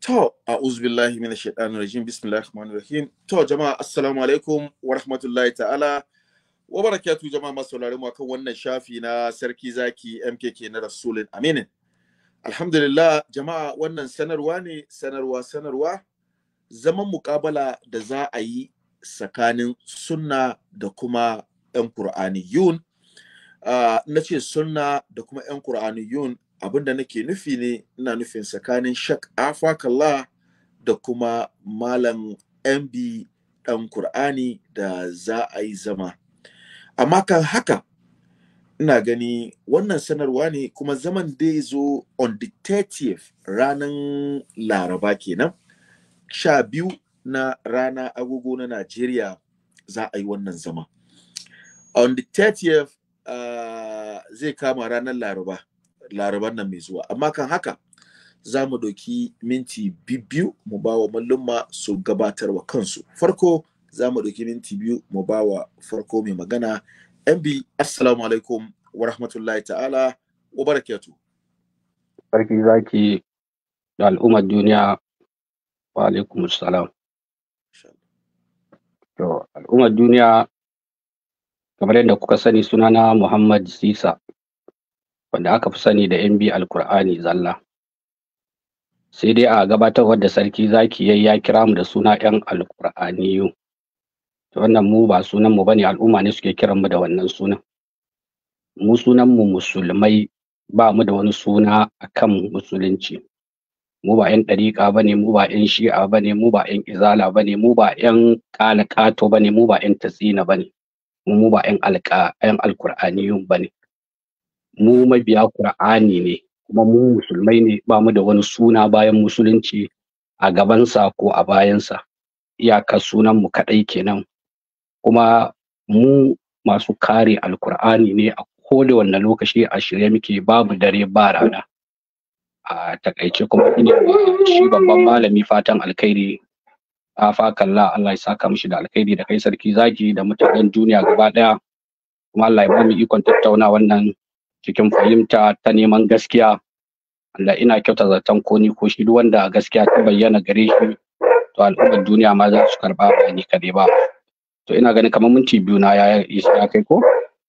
To, a uzbillahi mina shaɗan rajin bismillah rahman rahim. To, jama'a, assalamu alaikum wa rahmatullahi ta'ala. Wa barakatu jama'a masu sauraron kan wannan shafi na Sarki Zaki MKK na Rasulun Aminin. Alhamdulillah, jama'a wannan sanarwa ne, sanarwa, sanarwa, zaman muƙabala da za a yi tsakanin sunna da kuma ‘yan Kur'aniyun. Uh, ah, na ce sunna da kuma ‘yan yun abin da nake nufi ne ina nufin tsakanin shak afakalla da kuma malam mb dan kur'ani da za a yi zama amma kan haka ina gani wannan sanarwa ne kuma zaman da ya zo on the 30th ranar laraba kenan sha biyu na rana agogo na najeriya za a yi wannan zama on the 30th ah, zai kama ranar laraba laraban nan mai zuwa amma kan haka za mu ɗauki minti biyu mu ba wa mallumma su gabatar wa kansu farko za mu ɗauki minti biyu mu ba wa farko mai magana mb assalamu alaikum wa rahmatullahi ta'ala wa barakatu sarki zaki da al'ummar duniya wa alaikum salam to al'ummar duniya kamar yadda kuka sani sunana muhammad sisa wanda aka fi sani da yan biyu Alkur'ani zalla. Sai dai a gabatarwar da sarki zaki yayi ya kira mu da suna ‘yan Alkur'aniyu. Wannan mu ba sunan mu bane al'umma ne suke kiran mu da wannan sunan. Mu sunan mu musulmai ba mu da wani suna akan musulunci. Mu ba ‘yan ɗariƙa ba ne, mu ba ‘yan shi'a ba ne, mu ba ‘yan izala ba ne, mu ba ‘yan ƙalakato ba ne, mu ba ‘yan tatsina ba ne, mu ba ‘yan alkur'aniyun ba ne. mu mabiya Qur'ani ne kuma mu musulmai ne ba mu da wani suna bayan musulunci a gabansa ko a bayansa iyaka sunan mu kaɗai kenan kuma mu masu kare alkur'ani ne a koda wanne lokaci a shirye muke babu dare ba rana a takaice kuma ina shi babban malami fatan alkhairi afakalla Allah ya saka mishi da alkhairi da kai sarki zaki da mutanen duniya gaba daya kuma Allah ya ba mu ikon tattauna wannan cikin fahimta ta neman gaskiya Allah ina kyauta zaton ko ni ko shi duk wanda gaskiya ta bayyana gare shi to al'ummar duniya ma za su karba ba ni kaɗai ba to ina ganin kamar minti biyu na ya ya kai ko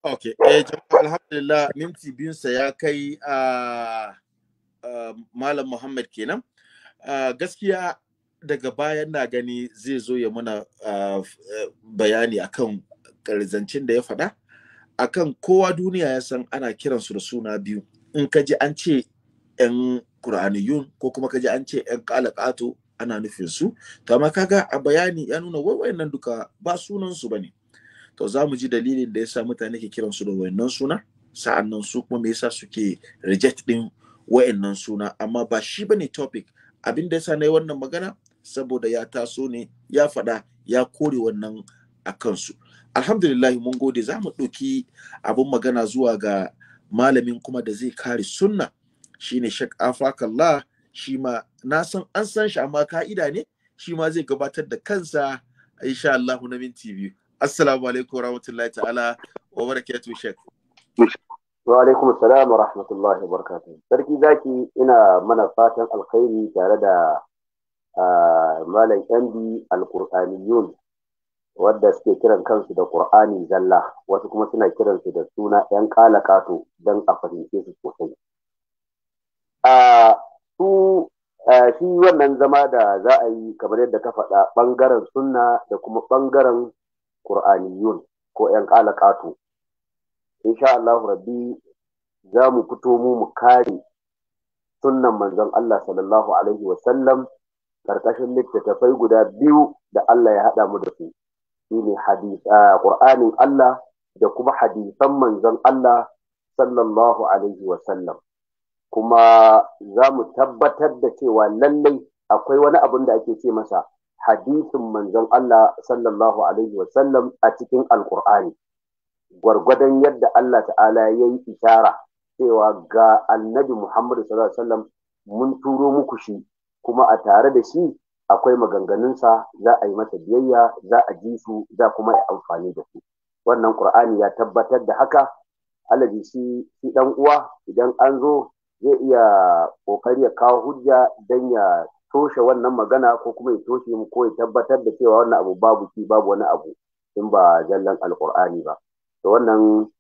okay eh jama'a alhamdulillah minti biyun sa ya kai a ah, ah, malam Muhammad kenan ah, gaskiya daga bayan na gani zai zo ya mana eh, bayani akan karzancin da ya faɗa akan kowa duniya ya san ana kiransu da suna biyu in ka ji an ce 'yan Kur'aniyun ko kuma ka ji an ce 'yan kalakato ana nufin su to amma kaga a bayani ya nuna wai wayannan duka ba sunan su bane to za mu ji dalilin da yasa mutane ke kiran su da wayannan suna sa'annan su kuma me yasa suke reject din wayannan suna amma ba shi bane topic abin da yasa nayi wannan magana saboda ya taso ne ya faɗa ya kore wannan a kansu alhamdulillahi mun gode za mu ɗauki abin magana zuwa ga malamin kuma da zai kare sunna shine shek afakallah shi ma na san an san shi amma ka'ida ne shi ma zai gabatar da kansa insha Allah na minti biyu assalamu alaikum rahmatullahi ta'ala wa barakatuh shek wa alaikum assalam wa rahmatullahi wa barakatuh sarki zaki ina mana fatan alkhairi tare da ah, malam mb alqur'aniyun wadda suke kiran kansu da ƙur'ani zalla wasu kuma suna kiransu da suna ‘yan ƙala-ƙato, don a fahimce su sosai. Su shi wannan zama da za a yi kamar yadda ka faɗa ɓangaren sunna da kuma ɓangaren ƙur'aniyun ko ‘yan kalakato. Insha Allah rabbi za mu fito mu mu kare sunnan manzon Allah sallallahu Alaihi wa sallam. ƙarƙashin littattafai guda biyu da Allah ya haɗa mu da su. shine ne ah, qur'anin Allah da kuma hadisan manzon Allah sallallahu alaihi wa kuma za mu tabbatar da cewa lallai akwai wani abun da ake ce masa hadisin manzon Allah sallallahu alaihi wa a cikin Alƙur'ani. gwargwadon yadda Allah ta'ala ya yi ishara cewa ga annabi Muhammad sallallahu alaihi wasallam mun turo muku shi kuma a tare da shi akwai maganganunsa za a yi masa biyayya za a ji su za kuma yi amfani da su wannan qur'ani ya tabbatar da haka alaji shi shi dan uwa idan an zo zai iya kokari ya kawo hujja dan ya toshe wannan magana ko kuma ya toshe mu ko ya tabbatar da cewa wannan abu babu shi babu wani abu in ba zallan alqur'ani ba to wannan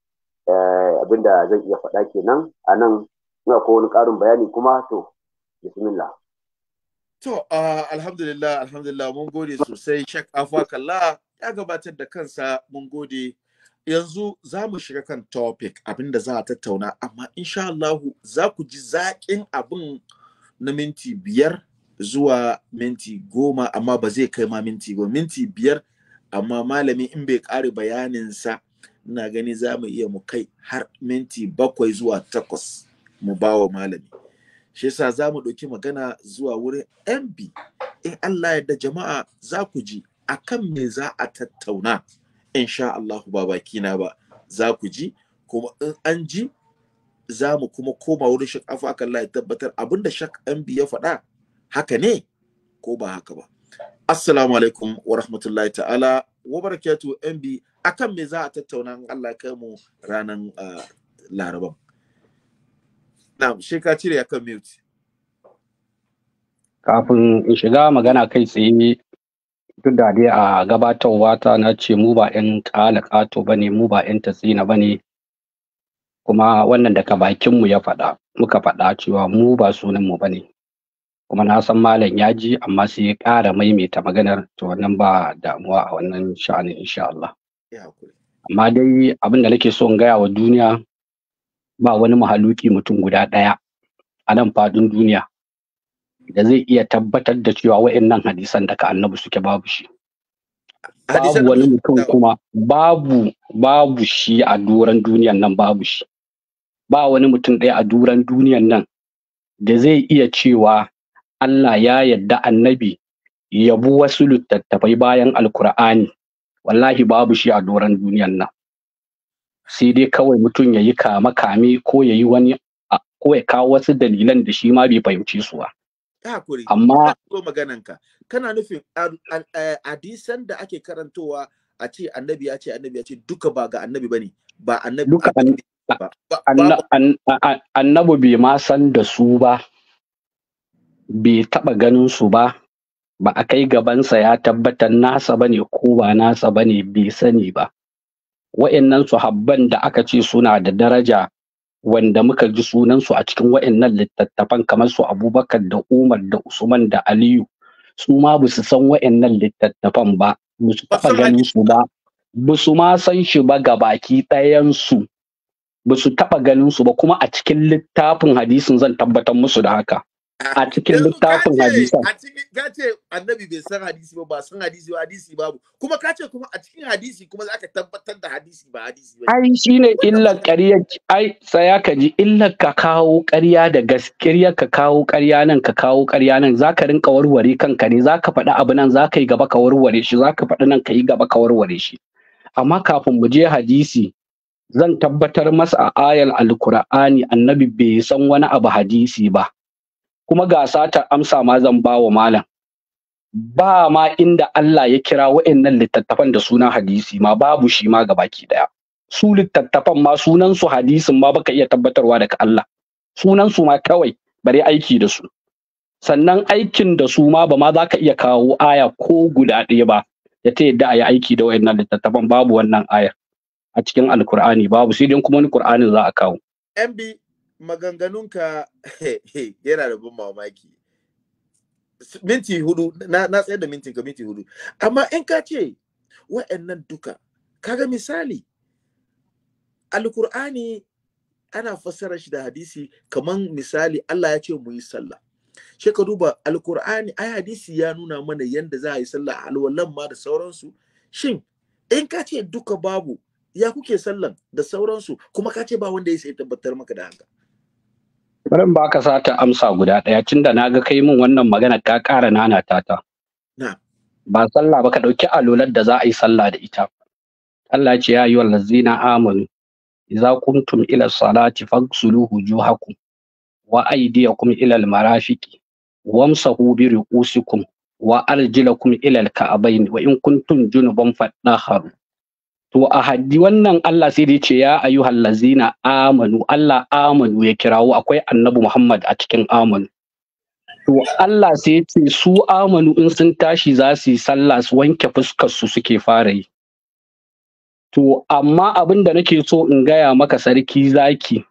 eh, abinda zan iya faɗa kenan a nan ina ko wani ƙarin bayani kuma to bismillah To, uh, alhamdulillah, alhamdulillah, mun gode sosai, Shek Afakalla ya gabatar da kansa mun gode. Yanzu za mu shiga kan topic abinda za a tattauna, amma insha Allahu za ku ji zaƙin abin na minti biyar zuwa minti goma, amma ba zai kai ma minti goma, minti biyar, amma malami in bai ƙare sa ina gani za mu iya mu kai har minti bakwai zuwa takwas mu bawa malami. shi yasa za mu ɗauki magana zuwa wurin mb in allah yadda jama'a za ku ji akan me za a tattauna sha allahu ba na ba za ku ji kuma in an ji za mu kuma koma wurin shak afu akan allah ya tabbatar abinda shak mb ya faɗa haka ne ko ba haka ba assalamu alaikum wa rahmatullahi ta'ala wa barakatu mb akan me za a tattauna in allah ya kai mu ranar ah, laraban Na'am, shi ka cire kan mute. Kafin in shiga magana kai tsaye duk da dai a gabatarwa ta na ce mu ba 'yan ƙato ba ne mu ba ta tatsina ba ne kuma wannan daga bakinmu ya faɗa muka faɗa cewa mu ba sunanmu ba ne kuma na san malam ya ji amma sai ya ƙara maimaita maganar to wannan ba damuwa a wannan sha'anin insha Allah amma dai abin da nake so in gaya wa duniya ba wani mahaluki mutum guda ɗaya a nan faɗin duniya da zai iya tabbatar da cewa wa'annan hadisan daga annabi suke babu shi babu wani mutum kuma babu babu shi a duran duniyan nan babu shi ba wani mutum ɗaya a duran duniyan nan da zai iya cewa Allah ya yadda annabi ya bi wasu littattafai bayan alkur'ani wallahi babu shi a duran duniyan nan sai dai kawai mutum ya yi kama kame ko ya yi wani ko ya kawo wasu dalilan da shi ma bai fahimci su ba. Hakuri, amma ko magananka kana nufin eh, hadisan da ake karantowa a ce annabi ya ce annabi ya ce duka ba ga annabi ba ne, ba annabi duka annabi bai ma san da su ba bai taba ganin su ba ba a kai gabansa ya tabbatar nasa ba ne ko ba nasa ba ne bai sani ba wa'annan sahabban da aka ce suna da daraja wanda muka ji sunansu a cikin wa'annan littattafan kamar su abubakar da umar da usman da aliyu su ma ba su san wa'annan littattafan ba ba su taɓa ganin su ba ba su ma san shi ba ga baki ɗayansu ba su taɓa ganin su ba kuma a cikin littafin hadisin zan tabbatar musu da haka Ah, a cikin littafin hadisi a cikin kace annabi bai san hadisi ba ba san hadisi ba hadisi babu kuma ka ce kuma a cikin hadisi kuma za ka tabbatar da hadisi ba hadisi ba ai shine illar ƙarya ai sai ka ji illar ka kawo ƙarya da gaskiya ka kawo ƙarya nan ka kawo ƙarya nan Za ka rinka warware kanka ne Za ka faɗi abu nan za ka yi gaba ka warware shi Za ka faɗi nan ka yi gaba ka warware shi amma kafin mu je hadisi zan tabbatar masa a ayal alkur'ani annabi bai san wani abu hadisi ba kuma ga satar amsa ma zan ba wa malam ba ma inda Allah ya kira wa'annan littattafan da sunan hadisi ma babu shi ma ga baki daya su littattafan ma sunan su hadisin ma baka iya tabbatarwa daga Allah sunan su ma kawai bari aiki da su sannan aikin da su ma ba ma za ka iya kawo aya ko guda ɗaya ba ya ta yadda a yi aiki da wa'annan littattafan babu wannan aya a cikin alkur'ani babu sai dai kuma wani za a kawo. maganganunka yana da bin mamaki minti hudu na, tsaye da mintin ka minti hudu amma in ka ce wa'annan duka kaga misali alkur'ani ana fassara shi da hadisi kamar misali Allah ya ce mu yi sallah she ka duba alkur'ani ai hadisi ya nuna mana yadda za a yi sallah a alwallan ma da sauransu shin in ka ce duka babu ya kuke sallan da sauransu kuma ka ce ba wanda ya sai tabbatar maka da haka Bari baka sata amsa guda ɗaya tunda na ga kai min wannan magana ka ƙara nanata ta. Ba sallah ba ka ɗauki alolar da za a yi sallah da ita. Allah ce ya yi wa lazina amanu. Iza kuntum ila salati fagsulu haku, wa aydiyakum ila almarafiqi wamsahu bi ruqusikum wa arjilakum ila alka'abain wa in kuntum junuban haru. to a haddi wannan Allah sai da ce ya ayyuhal lazina amanu Allah amanu ya kirawo akwai annabi Muhammad a cikin amanu to Allah sai ce su amanu in sun tashi za su yi sallah su wanke fuskar su suke fara yi to amma abin da nake so in gaya maka sarki zaki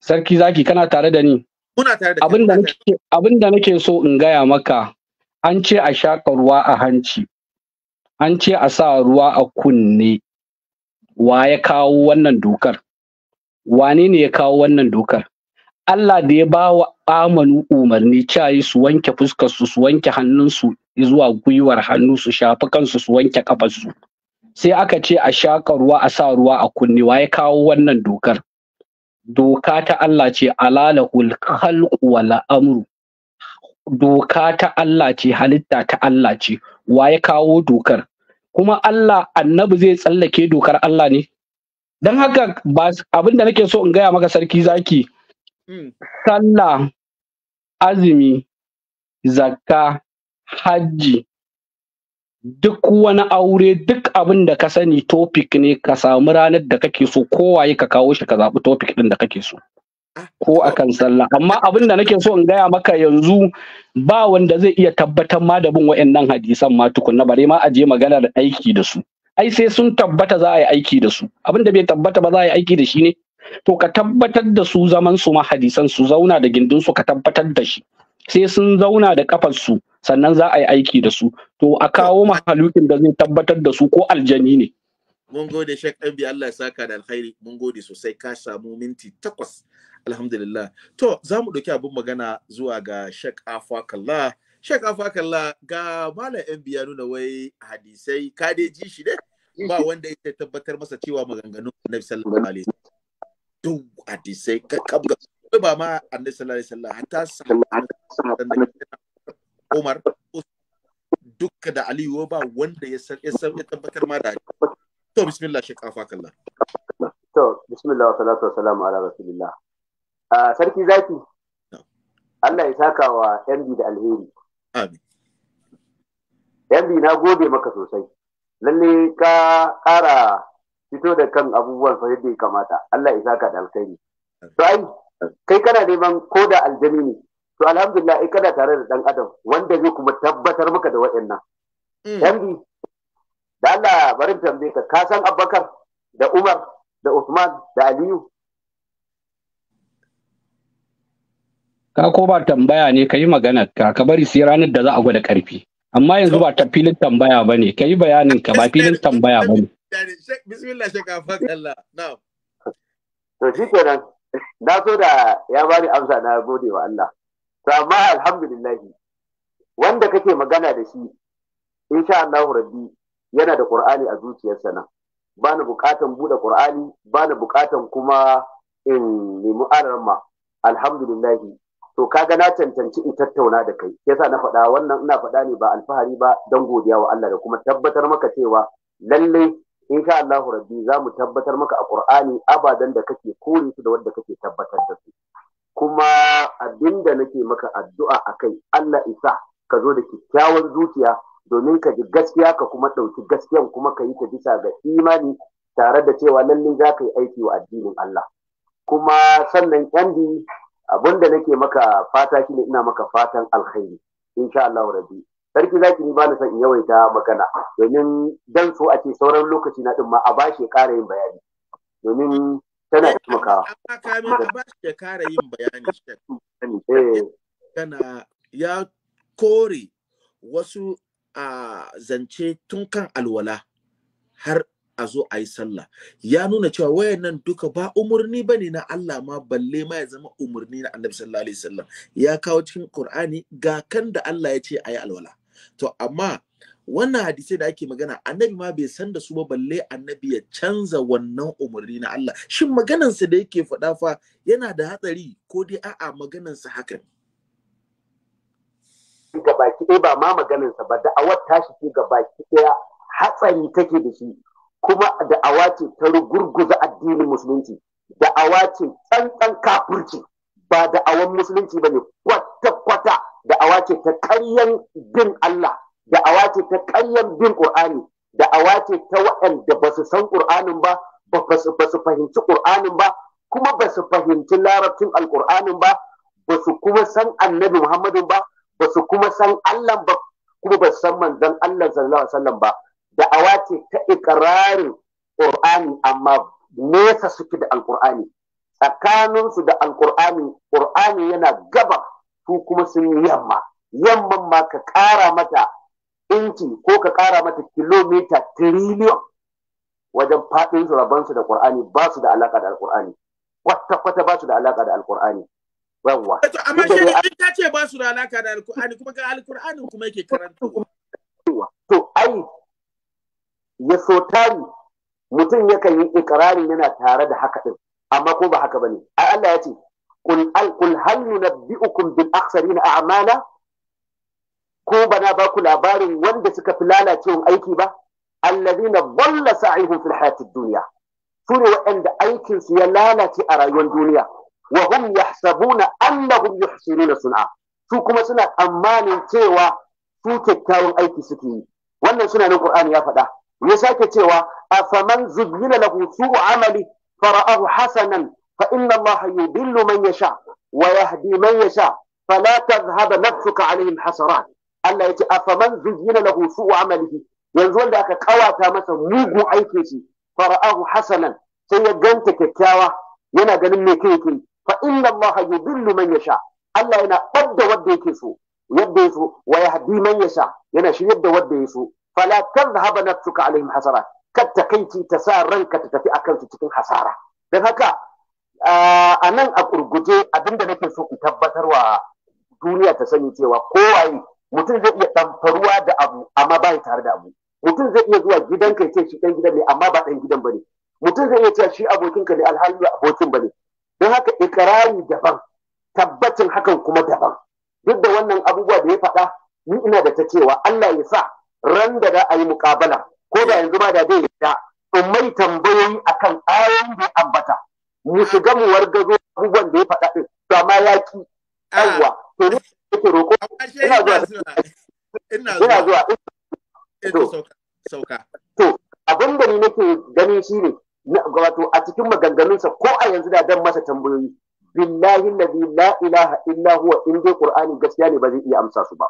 sarki zaki kana tare da ni abin da nake so in gaya maka an ce a shaƙa ruwa a hanci an ce a sa ruwa a kunne wa ya kawo wannan dokar wane ne ya kawo wannan dokar Allah da ya ba wa amanu umarni cayi su wanke fuskarsu su wanke hannunsu zuwa gwiwar hannu su shafi kansu su wanke kafarsu sai aka ce a shaka ruwa a sa ruwa a kunne wa ya kawo wannan dokar doka ta Allah ce alalahul khalqu wal amru doka ta Allah ce halitta ta Allah ce wa ya kawo dokar kuma Allah annabi zai tsallake dokar Allah ne don haka ba abin da nake so in gaya maka sarki zaki hmm. sallah azumi zakka hajji duk wani aure duk abin da ka sani topic ne ka samu ranar da kake so kowaye ka kawo shi ka zaɓi topic ɗin da kake so ko kan sallah amma abin da nake so in gaya maka yanzu ba wanda zai iya tabbatar ma da bin wa'annan hadisan ma tukunna bare ma aje magana da aiki da su ai sai sun tabbata za a yi aiki da su abin da bai tabbata ba za a yi aiki da shi ne to ka tabbatar da su zaman su ma hadisan su zauna da gindin su ka tabbatar da shi sai sun zauna da kafar su sannan za a yi aiki da su to a kawo mahalukin da zai tabbatar da su ko aljani ne mun gode shek Allah ya saka da alkhairi mun gode sosai ka samu minti takwas alhamdulillah to za mu ɗauki abin magana zuwa ga shek afakalla shek afakalla ga malam yan biya nuna wai hadisai ka dai ji shi ne ba wanda ya tabbatar masa cewa maganganun annabi sallallahu alaihi duk hadisai kabga ba ma annabi sallallahu alaihi wasallam hatta Umar dukka da Aliyu ba wanda ya san ya tabbatar ma da to bismillah shek afakallah to bismillah wa salatu wa salam ala rasulillah sarki zaki Allah ya saka wa yanbi da alheri amin yanbi na gode maka sosai lalle ka ƙara fito da kan abubuwan fa yadda ya kamata Allah ya saka da Alheri. to ai kai kana neman ko da aljami ne to alhamdulillah ai kana tare da dan adam wanda zai kuma tabbatar maka da waɗannan yanbi mm. da Allah bari tambaye ka ka san Abubakar da Umar da Usman da Aliyu ka ko ba tambaya ne ka yi maganar ka ka bari sai ranar da za a gwada karfi amma yanzu ba ta filin tambaya ba ne ka yi bayanin ka ba filin tambaya ba ne. bismillah shaka fakalla to shi kenan na so da ya bani amsa na gode wa Allah to amma alhamdulillah wanda kake magana da shi insha Allah rabbi yana da qur'ani a zuciyarsa nan ba ni bukatan bude qur'ani ba ni bukatan kuma in nemi alarma alhamdulillah to ka ga na cancanci in tattauna da kai yasa na faɗa wannan ina faɗa ne ba alfahari ba don godiya wa Allah da kuma tabbatar maka cewa lalle sha Allahu rabbi za mu tabbatar maka a Qur'ani abadan da kake kore su da wanda kake tabbatar da su kuma abinda nake maka addu'a akai Allah isa ka zo da kyakkyawan zuciya domin ka ji gaskiya ka kuma ɗauki gaskiyan kuma ka yi ta bisa ga imani tare da cewa lallai za ka yi aiki wa addinin Allah kuma sannan yan abin da nake maka fata shine ina maka fatan alkhairi insha Allah rabbi sarki zaki ni ba san in yawaita magana domin dan so a ce sauran lokaci na din ma a bashi ya ƙara yin bayani domin tana taimakawa ka mi a bashi ya ƙara yin bayani kana eh. ya kore wasu a ah, zance tun kan alwala har a zo a yi sallah ya nuna cewa wayannan duka ba umarni ba ne na Allah ma balle ma ya zama umarni na annabi sallallahu alaihi wasallam ya kawo cikin Qur'ani ga kan da Allah ya ce a yi alwala to amma wannan hadisai da ake magana annabi ma bai san da su ba balle annabi ya canza wannan umarni na Allah shin maganansa da yake faɗa fa yana da hatsari ko dai a'a maganansa hakan ga baki ɗaya ba ma maganansa ba da'awar tashi ce ga baki ɗaya hatsari take da shi kuma da'awa ce ta rugurguza addinin musulunci da'awa ce tsantsan kafirci ba da'awan musulunci ba ne kwata-kwata da'awa ce ta karyan bin Allah da'awa ce ta karyan bin Qur'ani da'awa ce ta waɗanda ba su san Qur'anin ba ba su fahimci Qur'anin ba kuma ba su fahimci larabcin alƙur'anin ba ba su kuma san annabi Muhammadu ba ba su kuma san Allah ba kuma ba su san manzon Allah sallallahu alaihi wasallam ba da'awa ce ta ikirarin Qur'ani amma nesa suke da Alƙur'ani tsakaninsu da Alƙur'ani Qur'ani yana gaba su kuma sun yamma yamman ma ka ƙara mata inci ko ka ƙara mata kilomita tiriliyon wajen faɗin su rabansu da Qur'ani ba su da alaƙa da Alƙur'ani kwata-kwata ba su da alaƙa da Alƙur'ani yawwa eh, amma shi ta ce ba su da alaƙa da Alƙur'ani kuma ga Alƙur'ani kuma yake karanta to ai ya so tari mutum yakan yi ikirarin yana tare da haka din amma ko ba haka bane ai Allah ya ce qul al qul hal nunabbiukum bil akhsarina a'mala ko bana ba ku labarin wanda suka fi lalacewan aiki ba alladhina dhalla sa'ihum fil hayatid dunya sune waɗanda aikin su ya lalace a rayuwar duniya wa hum yahsabuna annahum yuhsinuna sun'a su kuma suna tsammanin cewa su kyakkyawan aiki suke yi wannan suna nan qur'ani ya faɗa ya sake cewa afaman zubyina lahu su'u amali fara'ahu hasanan fa inna Allah yudillu man yasha wa yahdi man yasha fala tadhhab nafsuka alaihim hasarat Allah yace afaman zubyina lahu su'u amali yanzu wanda aka kawata masa mugun aikin shi fara'ahu hasanan sai ya ganta kyakkyawa yana ganin me kai yake fa inna Allah yudillu man yasha Allah yana badda wanda yake so yadda ya wa yahdi man yasha yana shiryar da wanda ya so fala tadhhab nafsuka alaihim hasara kar ta kanki ta sa ranka ta tafi akan su cikin hasara don haka a nan a kurguje abinda nake so in tabbatarwa duniya ta sani cewa kowai mutum zai iya faruwa da abu amma ba ya tare da abu mutum zai iya zuwa gidanka ya ce shi ɗan gidan ne amma ba ɗan gidan ba mutum zai iya cewa shi abokinka ne alhali abokin ba ne don haka ikirari daban tabbacin hakan kuma daban duk da wannan abubuwa da ya faɗa ni ina da ta cewa Allah ya sa ran da za a yi mukabala ko da yanzu ba da zai yadda in mai tambayoyi akan ayoyin da ambata mu shiga mu wargazo abubuwan da ya faɗa din to amma ya ki ah. yawa to ne yake roƙo ina zuwa ina zuwa eh, to sauka to abin da ni nake ganin shine wato a cikin maganganunsa ko a yanzu da dan masa tambayoyi billahi alladhi la ilaha illa huwa in dai qur'ani gaskiya ne ba zai iya amsa su ba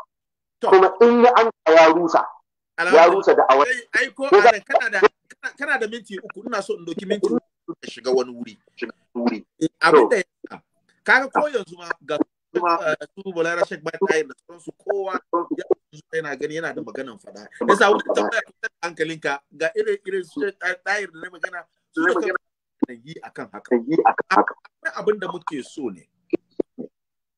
kuma in ya amsa ya rusa ya rusa da awai ai ko kana da kana da minti uku ina so in doki minti uku ka shiga wani wuri shiga wuri eh, kaga ko yanzu ma ga su eh, bolara shek ba ta da sauransu kowa yana gani yana da maganan fada yasa wani tambaya ta hankalinka ga irin irin su tayar da na magana su ka yi akan haka yi akan haka abin da muke so ne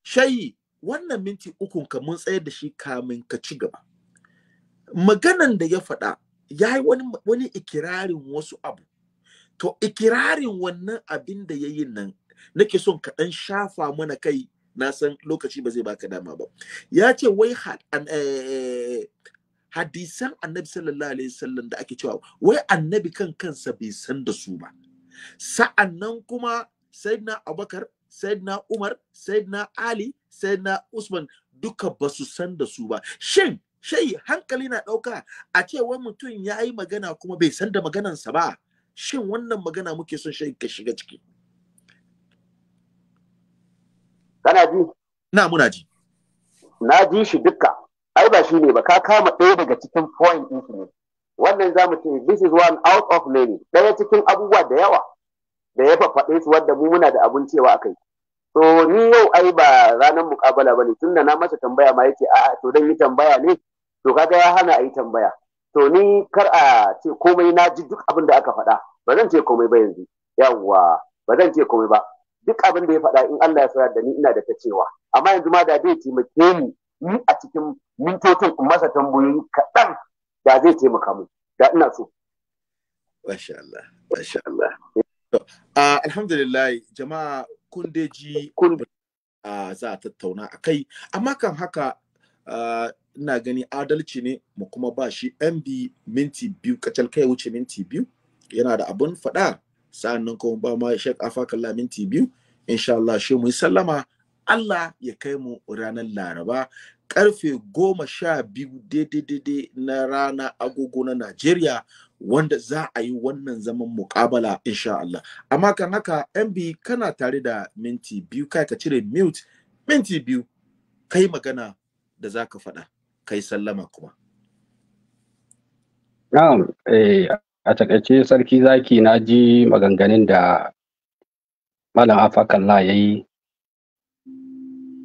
shayi wannan minti ukun ka mun tsayar da shi kamin ka ci gaba maganan da ya faɗa ya yi wani, wani ikirarin wasu abu to ikirarin wannan abin da ya yi nan nake son kaɗan shafa mana kai na san lokaci ba zai baka dama ba ya ce wai eh, hadisan annabi sallallahu alaihi wasallam da ake cewa wai annabi kan kansa bai san da su ba sa'annan kuma sayyidina abubakar sayyidina umar sayyidina ali sayyidina usman duka ba su san da su ba shin shai hankali na ɗauka a ce wani mutum ya yi magana kuma bai san da maganansa ba shin wannan magana muke son shai ka shiga ciki kana ji na muna ji na ji shi duka. ai ba shi ne ba ka kama ɗaya daga cikin point din shi ne wannan zamu ce this is one out of many ɗaya cikin abubuwa da yawa da ya faɗe su wadda mu muna da abun cewa akai to ni yau ai ba ranar mukabala bane da na masa tambaya ma yace a to dan yi tambaya ne to kaga ya hana a yi tambaya to ni kar a ce komai na ji duk abin da aka faɗa ba zan ce komai ba yanzu yawwa ba zan ce komai ba duk abin da ya faɗa in Allah ya sanar da ni ina da ta cewa amma yanzu ma da zai taimake ni ni a cikin mintocin in masa tambayoyi kaɗan da zai taimaka mu da ina so masha Allah masha Allah alhamdulillah jama'a Kundeji a ah, za a tattauna a kai amma kan haka ah, ina gani adalci ne mu kuma ba shi mb minti biyu kacal kai wuce minti biyu yana da abun faɗa nan kuma ba ma shek afakalla minti biyu insha Allah shi mu yi sallama Allah ya kai mu ranar laraba karfe goma sha biyu daidai na rana agogo na Najeriya wanda za a yi wannan zaman muƙabala insha Allah amma kan haka MB kana tare da minti biyu kai ka cire mute minti biyu kai magana da za ka faɗa kai sallama kuma na'am eh a takaice sarki zaki na ji maganganun da malam afakalla ya yi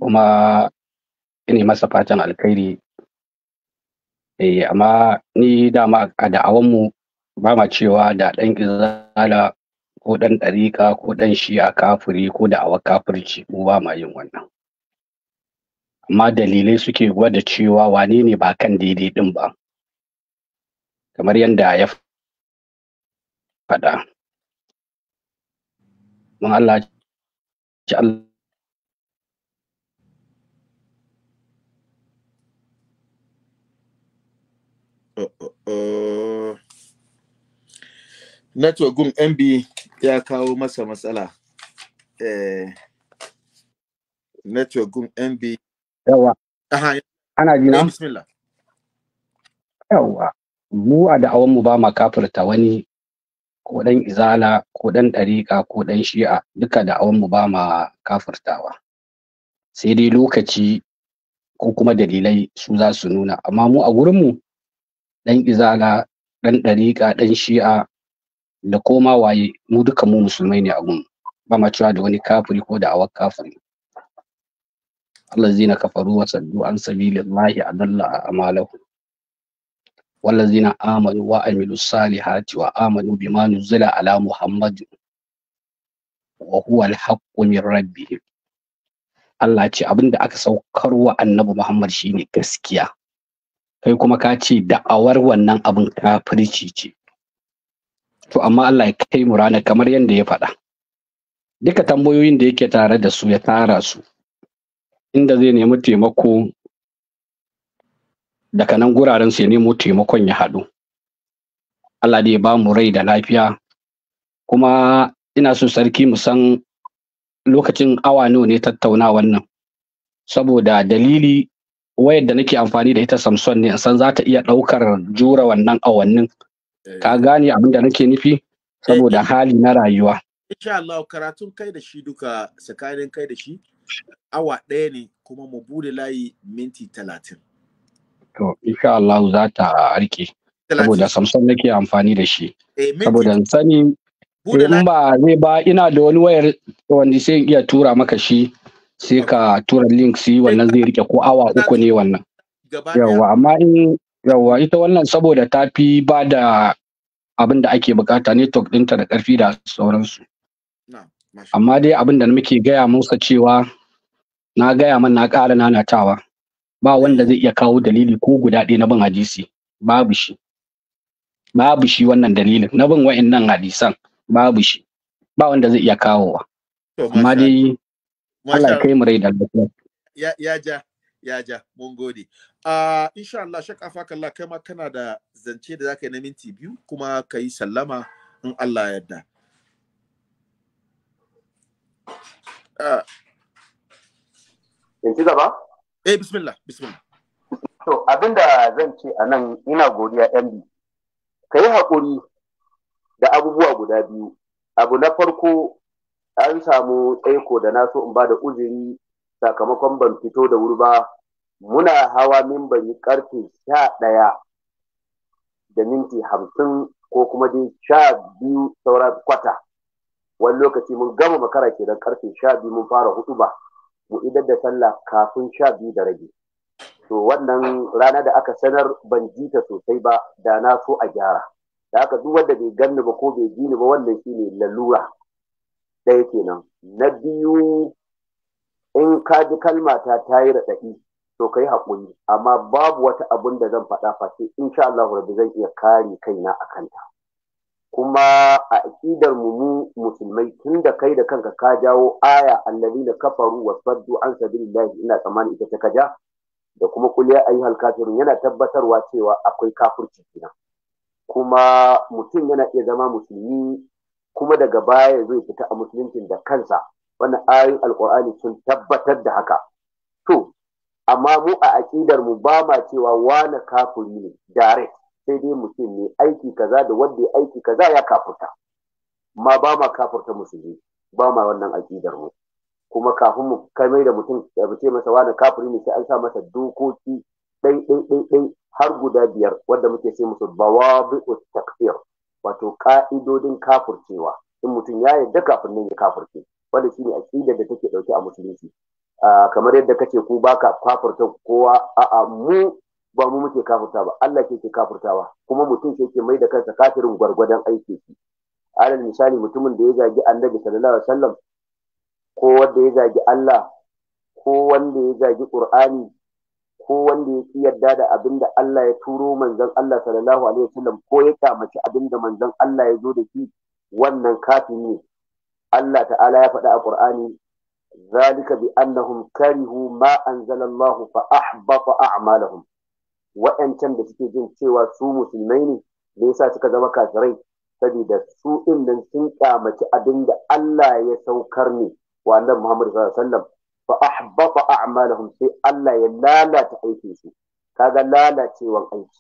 kuma ina masa fatan alkhairi eh amma ni dama a da'awanmu ba ma cewa da ɗan izala ko ɗan ɗariƙa ko ɗan shi'a kafiri ko da awa kafirci mu ba ma yin wannan amma dalilai suke gwada cewa wane ne ba kan daidai ɗin ba kamar yadda ya faɗa mun Allah ci Allah uh, uh, uh. network gum mb ya kawo masa matsala eh network gum mb yawa aha ana jina bismillah yawa mu a da'awan mu ba makafirta wani ko dan izala ko dan dariƙa ko dan shi'a duka da'awan mu ba ma kafirtawa sai dai lokaci ko kuma dalilai su za su nuna amma mu a gurin mu dan izala dan dariƙa dan shi'a da koma waye mu duka mu musulmai ne a gun ba ma cewa da wani kafiri ko da awak kafiri zina kafaru wa saddu an sabilillahi adalla amalahu wallazina amanu wa amilu salihati wa amanu bima nuzila ala muhammad wa huwa alhaqqu min rabbihim Allah ce abinda aka saukar wa annabi Muhammad shine gaskiya kai kuma ka ce da'awar wannan abin kafirci ce to amma Allah ya kai mu rana kamar yadda ya faɗa duka tambayoyin da yake tare da su ya tara su inda zai nemi taimako daga nan guraren su ya nemo taimakon ya haɗu Allah da ya ba mu rai da lafiya kuma ina so sarki mu san lokacin awa nawa ne tattauna wannan saboda dalili wayar da nake amfani da ita samson ne san za ta iya ɗaukar jura wannan awannin Eh. ka gane abin da nake nufi eh, saboda hali na rayuwa insha Allah karatun kai da shi duka tsakanin kai da shi awa ɗaya ne kuma mu bude layi minti talatin to insha Allah za ta rike saboda samson nake amfani da shi eh, saboda sani in ba zai ba ina da wani wayar wanda sai iya tura maka shi sai ka tura link su wannan zai rike ko awa uku ne wannan yawa amma in yawwa ita wannan saboda ta fi ba da abin da ake bukata network ɗinta da ƙarfi da sauransu amma dai abin da muke gaya musa cewa na gaya man na ƙara nanatawa ba wanda zai iya kawo dalili ko guda ɗaya na bin hadisi babu shi babu shi wannan dalilin na bin wa'annan hadisan babu shi ba wanda zai iya kawowa amma dai Allah ya kai mu rai da ya ja ya ja mun gode Uh, insha Allah shak kalla kai ma kana da zance da zaka yi na minti biyu kuma ka yi sallama in Allah yarda. Ah. In ci gaba? Eh bismillah bismillah. To abinda zan ce a nan ina godiya MB. Ka yi haƙuri da abubuwa guda biyu. Abu na farko an samu tsaiko da naso in ba da uzuri sakamakon ban fito da wuri ba muna hawa mimbari karfe sha ɗaya da minti hamsin ko kuma dai sha biyu saura kwata wani lokaci mun gama makara da karfe sha biyu mun fara hudu ba mu idar da sallah kafin sha biyu da rage to wannan rana da aka sanar ban ji ta sosai ba da na so a gyara da haka duk wanda bai ganni ba ko bai gini ba wannan shine lalura ɗaya kenan na biyu in ka ji kalma ta tayi raɗaɗi to kai haƙuri amma babu wata abun da zan faɗa face sha Allah rabbi zan iya kare kaina a kanta kuma a aƙidar mu mu musulmai tun da kai da kanka ka jawo aya allazina kafaru wa saddu an sabilillahi ina tsammani ita ta kaja da kuma kul ya ayyuhal kafirun yana tabbatarwa cewa akwai kafirci kina kuma mutum yana iya zama musulmi kuma daga baya zai fita a musuluncin da kansa wannan ayoyin alkur'ani sun tabbatar da haka to amma mu a aƙidar mu ba ma cewa wane kafuri ne direct sai dai mutum ne aiki kaza da wanda ya aiki kaza ya kafurta ma ba ma kafurta musulmi ba ma wannan aƙidar mu kuma kafin mu kai mai da mutum ya ce masa wani kafuri ne sai an sa masa dokoki ɗai ɗai ɗai har guda biyar wanda muke ce musu bawabi'u takfir wato ka'idodin kafurcewa in mutum ya yarda kafin nan ya kafurce wanda shine aƙidar da take dauke a musulunci kamar yadda kace ku baka kafurta kowa a'a mu ba mu muke kafurta ba Allah ke ke kafurtawa kuma mutum ke ke mai da kansa kafirin gwargwadon aiki shi alal misali mutumin da ya zagi annabi sallallahu alaihi wasallam ko wanda ya zagi Allah ko wanda ya zagi Qur'ani ko wanda ya yarda da abinda Allah ya turo manzon Allah sallallahu alaihi wasallam ko ya kamaci abinda da manzon Allah ya zo da shi wannan kafiri ne Allah ta'ala ya faɗa a Qur'ani zalika bi annahum karihu ma anzalallahu fa ahbata a'malahum wa'ancan da suke jin cewa su musulmai ne da yasa suka zama kafirai saboda su din nan sun kyamaci abinda Allah ya saukar ne wa annabi Muhammad sallallahu alaihi wasallam fa ahbata a'malahum sai Allah ya lalata aikin su kaga lalacewan aiki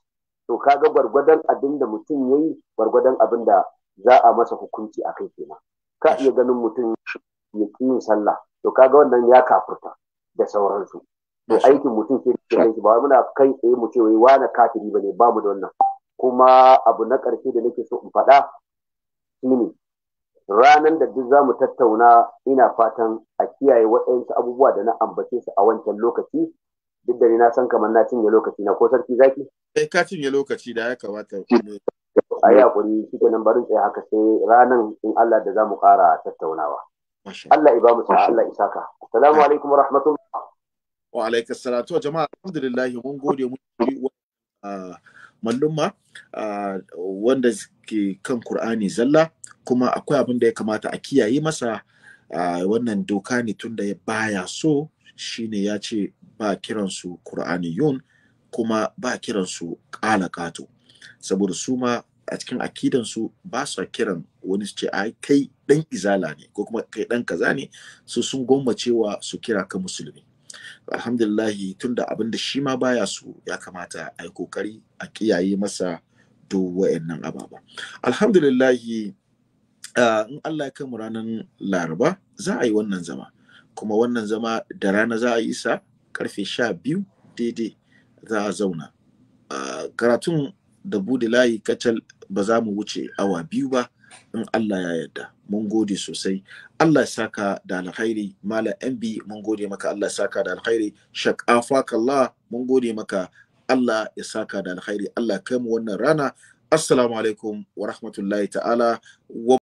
to kaga gwargwadon abin mutum yayi gwargwadon abin da za a masa hukunci a kai kenan ka iya ganin mutum ya ƙi yin sallah to kaga wannan ya kafurta da sauransu da aikin mutum ke da shi ba muna kai tsaye mu ce wai wani kafiri bane ba mu da wannan kuma abu na ƙarshe da nake so in faɗa shine ranar da duk zamu tattauna ina fatan a kiyaye waɗansu abubuwa da na ambace su a wancan lokaci duk da ni na san kamar na cinye lokaci na ko sarki zaki eh ka cinye lokaci da ya kamata a yi hakuri shi nan barin tsaye haka sai ranar in Allah da za mu ƙara tattaunawa Allah ibamu ta Allah assalamu alaikum wa rahmatullahi wa alaikum salatu wa jama'a alhamdulillah mun gode mu mallumma wanda ke kan Kur'ani zalla kuma akwai abin da ya kamata a kiyaye masa wannan doka ne tun da baya so shine ya ce ba kiransu Kur'aniyun kuma ba kiran kiransu ƙato. saboda su ma a cikin akidansu ba su kiran wani su ce ai kai dan izala ne ko kuma kai dan kaza ne su sun gwammacewa su kira ka musulmi alhamdulillahi tunda abin da shi ma baya su ya kamata a yi kokari a kiyaye masa duk wa'annan ababa alhamdulillahi in Allah ya kai mu ranar laraba za a yi wannan zama kuma wannan zama da rana za a yi sa karfe sha biyu daidai za a zauna karatun da budilahi layi kacal ba za mu wuce awa biyu ba in Allah ya yarda mun gode sosai Allah ya saka da alkhairi malam MB mun gode maka Allah ya saka da alkhairi shaqafakallah mun gode maka Allah ya saka da alkhairi Allah kai mu wannan rana assalamu alaikum wa rahmatullahi ta'ala